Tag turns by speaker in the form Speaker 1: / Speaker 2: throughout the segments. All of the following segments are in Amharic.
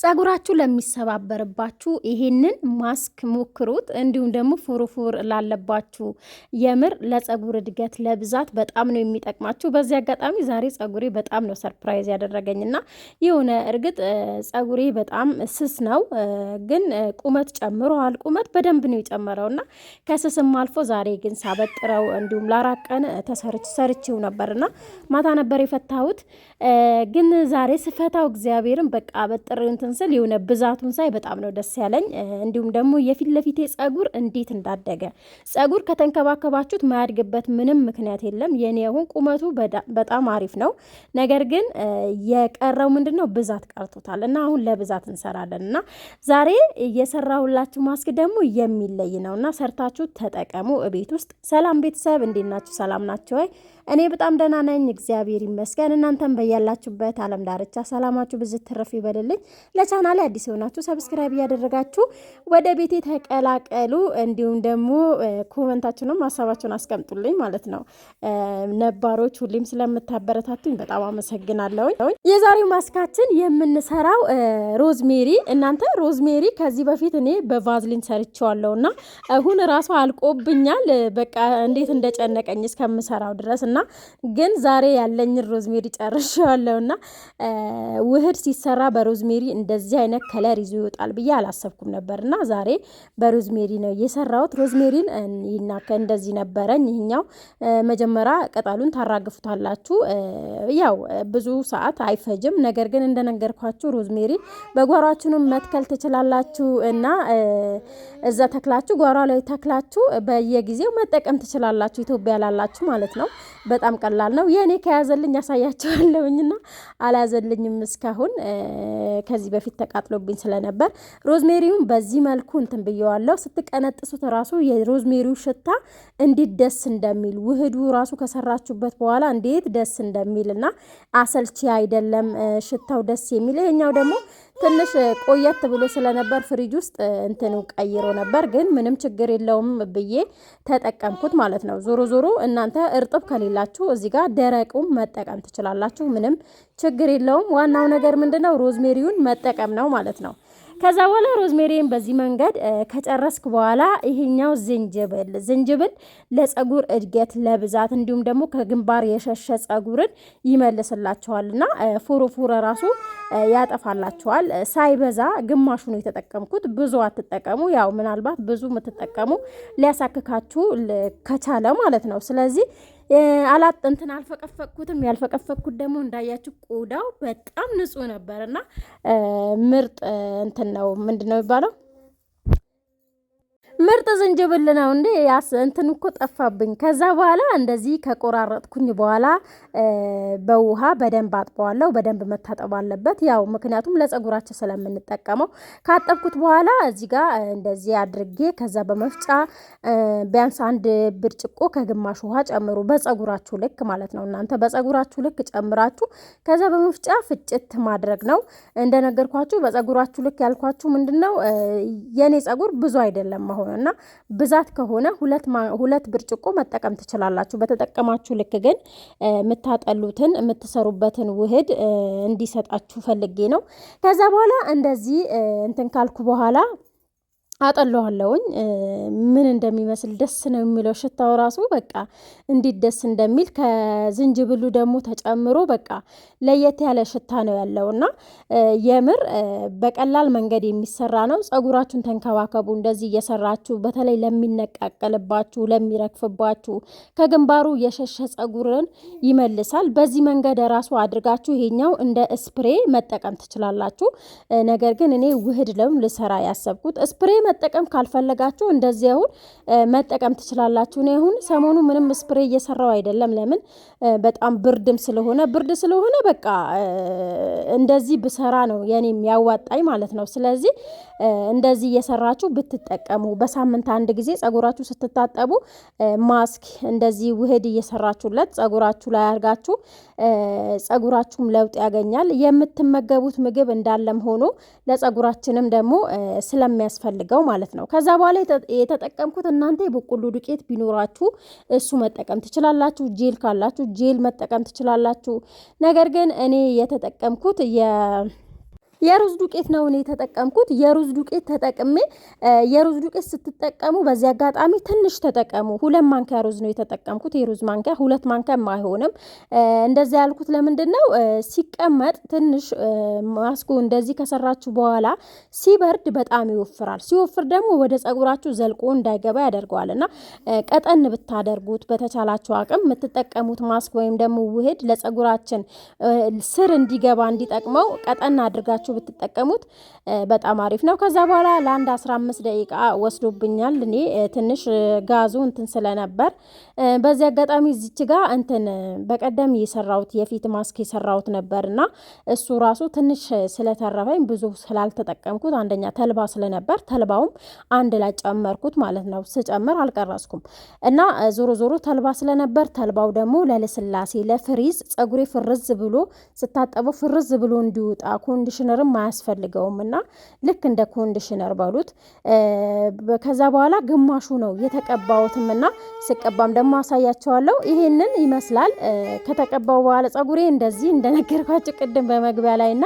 Speaker 1: ጸጉራችሁ ለሚሰባበርባችሁ ይሄንን ማስክ ሞክሩት። እንዲሁም ደግሞ ፉርፉር ላለባችሁ የምር ለጸጉር እድገት ለብዛት በጣም ነው የሚጠቅማችሁ። በዚህ አጋጣሚ ዛሬ ጸጉሬ በጣም ነው ሰርፕራይዝ ያደረገኝና የሆነ እርግጥ ጸጉሬ በጣም ስስ ነው፣ ግን ቁመት ጨምሯል። ቁመት በደንብ ነው የጨመረውና ከስስም አልፎ ዛሬ ግን ሳበጥረው እንዲሁም ለአራት ቀን ነበር ነበርና ማታ ነበር የፈታሁት። ግን ዛሬ ስፈታው እግዚአብሔርን በቃ በጥር እንትን ስል የሆነ ብዛቱን ሳይ በጣም ነው ደስ ያለኝ። እንዲሁም ደግሞ የፊት ለፊቴ ጸጉር እንዴት እንዳደገ ጸጉር ከተንከባከባችሁት ማያድግበት ምንም ምክንያት የለም። የኔ አሁን ቁመቱ በጣም አሪፍ ነው። ነገር ግን የቀረው ምንድን ነው ብዛት ቀርቶታል እና አሁን ለብዛት እንሰራለን እና ዛሬ የሰራሁላችሁ ማስክ ደግሞ የሚለይ ነው እና ሰርታችሁ ተጠቀሙ እቤት ውስጥ። ሰላም ቤተሰብ እንዴት ናችሁ? ሰላም ናቸው ወይ? እኔ በጣም ደህና ነኝ፣ እግዚአብሔር ይመስገን። እናንተም በያላችሁበት ዓለም ዳርቻ ሰላማችሁ ብዝት ትርፍ ይበልልኝ። ለቻናሌ አዲስ የሆናችሁ ሰብስክራይብ እያደረጋችሁ ወደ ቤቴ ተቀላቀሉ። እንዲሁም ደግሞ ኮመንታችሁንም ሀሳባችሁን አስቀምጡልኝ ማለት ነው። ነባሮች ሁሌም ስለምታበረታቱኝ በጣም አመሰግናለሁኝ። የዛሬው ማስካችን የምንሰራው ሮዝሜሪ፣ እናንተ ሮዝሜሪ ከዚህ በፊት እኔ በቫዝሊን ሰርቼዋለሁ እና አሁን ራሱ አልቆብኛል። በቃ እንዴት እንደጨነቀኝ እስከምሰራው ድረስ እና እና ግን ዛሬ ያለኝን ሮዝሜሪ ጨርሻለሁና ውህድ ሲሰራ በሮዝሜሪ እንደዚህ አይነት ከለር ይዞ ይወጣል ብዬ አላሰብኩም ነበርና ዛሬ በሮዝሜሪ ነው የሰራሁት። ሮዝሜሪን ይናከ እንደዚህ ነበረኝ። ይህኛው መጀመሪያ ቅጠሉን ታራግፉታላችሁ። ያው ብዙ ሰዓት አይፈጅም። ነገር ግን እንደነገርኳችሁ ሮዝሜሪ በጓሯችሁንም መትከል ትችላላችሁ እና እዛ ተክላችሁ ጓሯ ላይ ተክላችሁ በየጊዜው መጠቀም ትችላላችሁ። ኢትዮጵያ ላላችሁ ማለት ነው። በጣም ቀላል ነው። የእኔ ከያዘልኝ ያሳያቸዋለውኝና አልያዘልኝም እስካሁን። ከዚህ በፊት ተቃጥሎብኝ ስለነበር ሮዝሜሪውን በዚህ መልኩ እንትን ብየዋለሁ። ስትቀነጥሱት ራሱ የሮዝሜሪው ሽታ እንዴት ደስ እንደሚል ውህዱ ራሱ ከሰራችሁበት በኋላ እንዴት ደስ እንደሚል እና አሰልቺ አይደለም ሽታው ደስ የሚል ይሄኛው ደግሞ ትንሽ ቆየት ብሎ ስለነበር ፍሪጅ ውስጥ እንትኑ ቀይሮ ነበር፣ ግን ምንም ችግር የለውም ብዬ ተጠቀምኩት ማለት ነው። ዞሮ ዞሮ እናንተ እርጥብ ከሌላ ትችላላችሁ። እዚህ ጋር ደረቁም መጠቀም ትችላላችሁ። ምንም ችግር የለውም። ዋናው ነገር ምንድነው ሮዝሜሪውን መጠቀም ነው ማለት ነው። ከዛ በኋላ ሮዝሜሪን በዚህ መንገድ ከጨረስክ በኋላ ይሄኛው ዝንጅብል ዝንጅብል ለጸጉር እድገት ለብዛት እንዲሁም ደግሞ ከግንባር የሸሸ ጸጉርን ይመልስላችኋልና ፎሮፎረ ራሱ ያጠፋላችኋል። ሳይበዛ ግማሹ ነው የተጠቀምኩት። ብዙ አትጠቀሙ። ያው ምናልባት ብዙ የምትጠቀሙ ሊያሳክካችሁ ከቻለ ማለት ነው። ስለዚህ አላጥ እንትን አልፈቀፈቅኩትም። ያልፈቀፈቅኩት ደግሞ እንዳያችሁ ቆዳው በጣም ንጹህ ነበር እና ምርጥ እንትን ነው ምንድን ነው የሚባለው ምርጥ ዝንጅብል ነው እንዴ? ያስ እንትን እኮ ጠፋብኝ። ከዛ በኋላ እንደዚህ ከቆራረጥኩኝ በኋላ በውሃ በደንብ አጥበዋለሁ። በደንብ መታጠብ አለበት፣ ያው ምክንያቱም ለጸጉራችን ስለምንጠቀመው። ካጠብኩት በኋላ እዚህ ጋር እንደዚህ አድርጌ ከዛ በመፍጫ ቢያንስ አንድ ብርጭቆ ከግማሽ ውሃ ጨምሩ፣ በፀጉራችሁ ልክ ማለት ነው። እናንተ በፀጉራችሁ ልክ ጨምራችሁ ከዛ በመፍጫ ፍጭት ማድረግ ነው። እንደነገርኳችሁ በፀጉራችሁ ልክ ያልኳችሁ ምንድን ነው የኔ ፀጉር ብዙ አይደለም መሆን ነው እና ብዛት ከሆነ ሁለት ብርጭቆ መጠቀም ትችላላችሁ። በተጠቀማችሁ ልክ ግን የምታጠሉትን የምትሰሩበትን ውህድ እንዲሰጣችሁ ፈልጌ ነው። ከዛ በኋላ እንደዚህ እንትን ካልኩ በኋላ አጠለዋለሁኝ ምን እንደሚመስል ደስ ነው የሚለው ሽታው ራሱ በቃ እንዴት ደስ እንደሚል ከዝንጅብሉ ደግሞ ተጨምሮ በቃ ለየት ያለ ሽታ ነው ያለውና የምር በቀላል መንገድ የሚሰራ ነው። ጸጉራችሁን ተንከባከቡ። እንደዚህ እየሰራችሁ በተለይ ለሚነቃቀልባችሁ፣ ለሚረግፍባችሁ ከግንባሩ የሸሸ ጸጉርን ይመልሳል። በዚህ መንገድ ራሱ አድርጋችሁ ይሄኛው እንደ ስፕሬ መጠቀም ትችላላችሁ። ነገር ግን እኔ ውህድ ለም ልሰራ ያሰብኩት ስፕሬ መጠቀም ካልፈለጋችሁ እንደዚህ አሁን መጠቀም ትችላላችሁ። እኔ አሁን ሰሞኑ ምንም ስፕሬ እየሰራው አይደለም። ለምን በጣም ብርድም ስለሆነ ብርድ ስለሆነ በቃ እንደዚህ ብሰራ ነው የኔም ያዋጣኝ ማለት ነው። ስለዚህ እንደዚህ እየሰራችሁ ብትጠቀሙ በሳምንት አንድ ጊዜ ጸጉራችሁ ስትታጠቡ ማስክ እንደዚህ ውህድ እየሰራችሁለት ጸጉራችሁ ላይ አድርጋችሁ ጸጉራችሁም ለውጥ ያገኛል። የምትመገቡት ምግብ እንዳለም ሆኖ ለጸጉራችንም ደግሞ ስለሚያስፈልገው የምፈልገው ማለት ነው። ከዛ በኋላ የተጠቀምኩት እናንተ የበቆሎ ዱቄት ቢኖራችሁ እሱ መጠቀም ትችላላችሁ። ጄል ካላችሁ ጄል መጠቀም ትችላላችሁ። ነገር ግን እኔ የተጠቀምኩት የሩዝ ዱቄት ነው እኔ የተጠቀምኩት። የሩዝ ዱቄት ተጠቅሜ የሩዝ ዱቄት ስትጠቀሙ በዚህ አጋጣሚ ትንሽ ተጠቀሙ። ሁለት ማንኪያ ሩዝ ነው የተጠቀምኩት። የሩዝ ማንኪያ ሁለት ማንኪያም አይሆንም። እንደዚያ ያልኩት ለምንድን ነው ሲቀመጥ ትንሽ ማስኩ እንደዚህ ከሰራችሁ በኋላ ሲበርድ በጣም ይወፍራል። ሲወፍር ደግሞ ወደ ጸጉራችሁ ዘልቆ እንዳይገባ ያደርገዋል እና ቀጠን ብታደርጉት በተቻላችሁ አቅም የምትጠቀሙት ማስክ ወይም ደግሞ ውህድ ለጸጉራችን ስር እንዲገባ እንዲጠቅመው ቀጠን አድርጋችሁ አድርጋችሁ ብትጠቀሙት በጣም አሪፍ ነው። ከዛ በኋላ ለአንድ 15 ደቂቃ ወስዶብኛል። እኔ ትንሽ ጋዙ እንትን ስለነበር በዚህ አጋጣሚ እዚች ጋ እንትን በቀደም የሰራሁት የፊት ማስክ የሰራሁት ነበርና እሱ ራሱ ትንሽ ስለተረፈኝ ብዙ ስላልተጠቀምኩት አንደኛ ተልባ ስለነበር ተልባውም አንድ ላይ ጨመርኩት ማለት ነው። ስጨምር አልቀረስኩም እና ዞሮ ዞሮ ተልባ ስለነበር ተልባው ደግሞ ለልስላሴ ለፍሪዝ ጸጉሬ ፍርዝ ብሎ ስታጠበው ፍርዝ ብሎ እንዲወጣ ኮንዲሽነር ኮንዲሽነርም አያስፈልገውም እና ልክ እንደ ኮንዲሽነር በሉት። ከዛ በኋላ ግማሹ ነው የተቀባሁትም እና ስቀባም ደግሞ አሳያቸዋለሁ። ይሄንን ይመስላል ከተቀባው በኋላ ጸጉሬ እንደዚህ እንደነገርኳቸው ቅድም በመግቢያ ላይ እና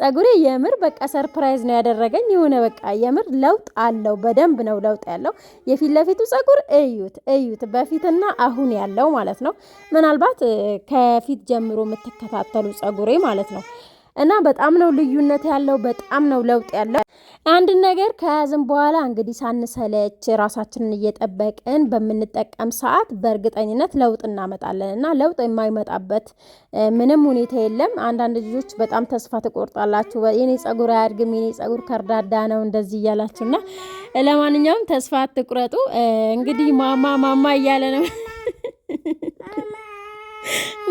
Speaker 1: ጸጉሬ የምር በቃ ሰርፕራይዝ ነው ያደረገኝ። የሆነ በቃ የምር ለውጥ አለው። በደንብ ነው ለውጥ ያለው። የፊት ለፊቱ ጸጉር እዩት እዩት፣ በፊትና አሁን ያለው ማለት ነው። ምናልባት ከፊት ጀምሮ የምትከታተሉ ጸጉሬ ማለት ነው እና በጣም ነው ልዩነት ያለው፣ በጣም ነው ለውጥ ያለው። አንድን ነገር ከያዝን በኋላ እንግዲህ ሳንሰለች ራሳችንን እየጠበቅን በምንጠቀም ሰዓት በእርግጠኝነት ለውጥ እናመጣለን እና ለውጥ የማይመጣበት ምንም ሁኔታ የለም። አንዳንድ ልጆች በጣም ተስፋ ትቆርጣላችሁ። የኔ ጸጉር አያድግም፣ የኔ ጸጉር ከርዳዳ ነው እንደዚህ እያላችሁ እና ለማንኛውም ተስፋ አትቁረጡ። እንግዲህ ማማ ማማ እያለ ነው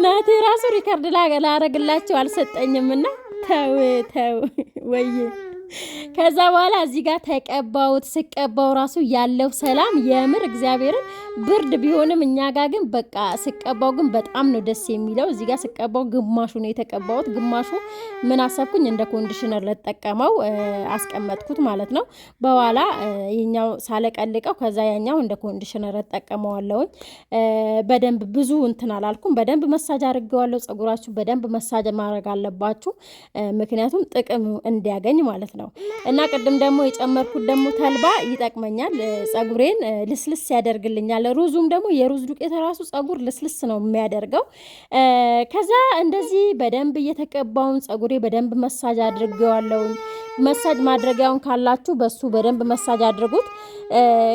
Speaker 1: ናቴ ራሱ ሪከርድ ላረግላቸው አልሰጠኝም። እና ተው ተው ወይ ከዛ በኋላ እዚህ ጋር ተቀባውት ስቀባው ራሱ ያለው ሰላም የምር እግዚአብሔርን ብርድ ቢሆንም እኛ ጋ ግን በቃ ስቀባው ግን በጣም ነው ደስ የሚለው። እዚህ ጋር ስቀባው ግማሹ ነው የተቀባሁት፣ ግማሹ ምን አሰብኩኝ እንደ ኮንዲሽነር ለጠቀመው አስቀመጥኩት ማለት ነው። በኋላ የኛው ሳለቀልቀው ከዛ ያኛው እንደ ኮንዲሽነር እጠቀመዋለሁኝ። በደንብ ብዙ እንትን አላልኩም፣ በደንብ መሳጅ አድርገዋለሁ። ጸጉራችሁ በደንብ መሳጅ ማድረግ አለባችሁ፣ ምክንያቱም ጥቅም እንዲያገኝ ማለት ነው። እና ቅድም ደግሞ የጨመርኩት ደግሞ ተልባ ይጠቅመኛል፣ ጸጉሬን ልስልስ ያደርግልኛል ያለ ሩዙም ደግሞ የሩዝ ዱቄት ራሱ ጸጉር ልስልስ ነው የሚያደርገው። ከዛ እንደዚህ በደንብ እየተቀባውን ጸጉሬ በደንብ መሳጅ አድርጌዋለሁኝ። መሳጅ ማድረጊያውን ካላችሁ በሱ በደንብ መሳጅ አድርጉት።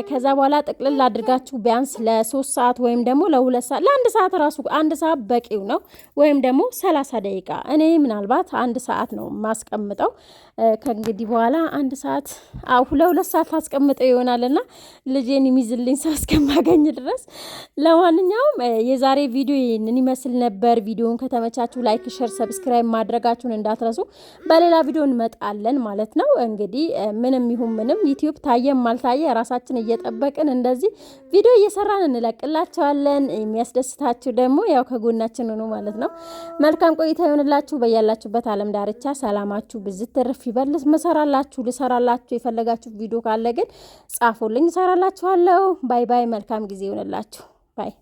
Speaker 1: ከዛ በኋላ ጥቅልል አድርጋችሁ ቢያንስ ለሶስት ሰዓት ወይም ደግሞ ለሁለት ሰዓት ለአንድ ሰዓት ራሱ አንድ ሰዓት በቂው ነው፣ ወይም ደግሞ ሰላሳ ደቂቃ እኔ ምናልባት አንድ ሰዓት ነው ማስቀምጠው። ከእንግዲህ በኋላ አንድ ሰዓት ለሁለት ሰዓት አስቀምጠው ይሆናልና ልጄን የሚዝልኝ ሰው እስከማገኝ ድረስ። ለማንኛውም የዛሬ ቪዲዮ ይህንን ይመስል ነበር። ቪዲዮን ከተመቻችሁ ላይክ፣ ሸር፣ ሰብስክራይብ ማድረጋችሁን እንዳትረሱ። በሌላ ቪዲዮ እንመጣለን። ማለት ነው። እንግዲህ ምንም ይሁን ምንም ዩቲዩብ ታየም አልታየ ራሳችን እየጠበቅን እንደዚህ ቪዲዮ እየሰራን እንለቅላቸዋለን። የሚያስደስታችሁ ደግሞ ያው ከጎናችን ሆኖ ማለት ነው። መልካም ቆይታ ይሆንላችሁ። በያላችሁበት ዓለም ዳርቻ ሰላማችሁ ብዝት ትርፍ ይበል። መሰራላችሁ ልሰራላችሁ የፈለጋችሁ ቪዲዮ ካለ ግን ጻፉልኝ፣ እሰራላችኋለሁ። ባይ ባይ። መልካም ጊዜ ይሆንላችሁ። ባይ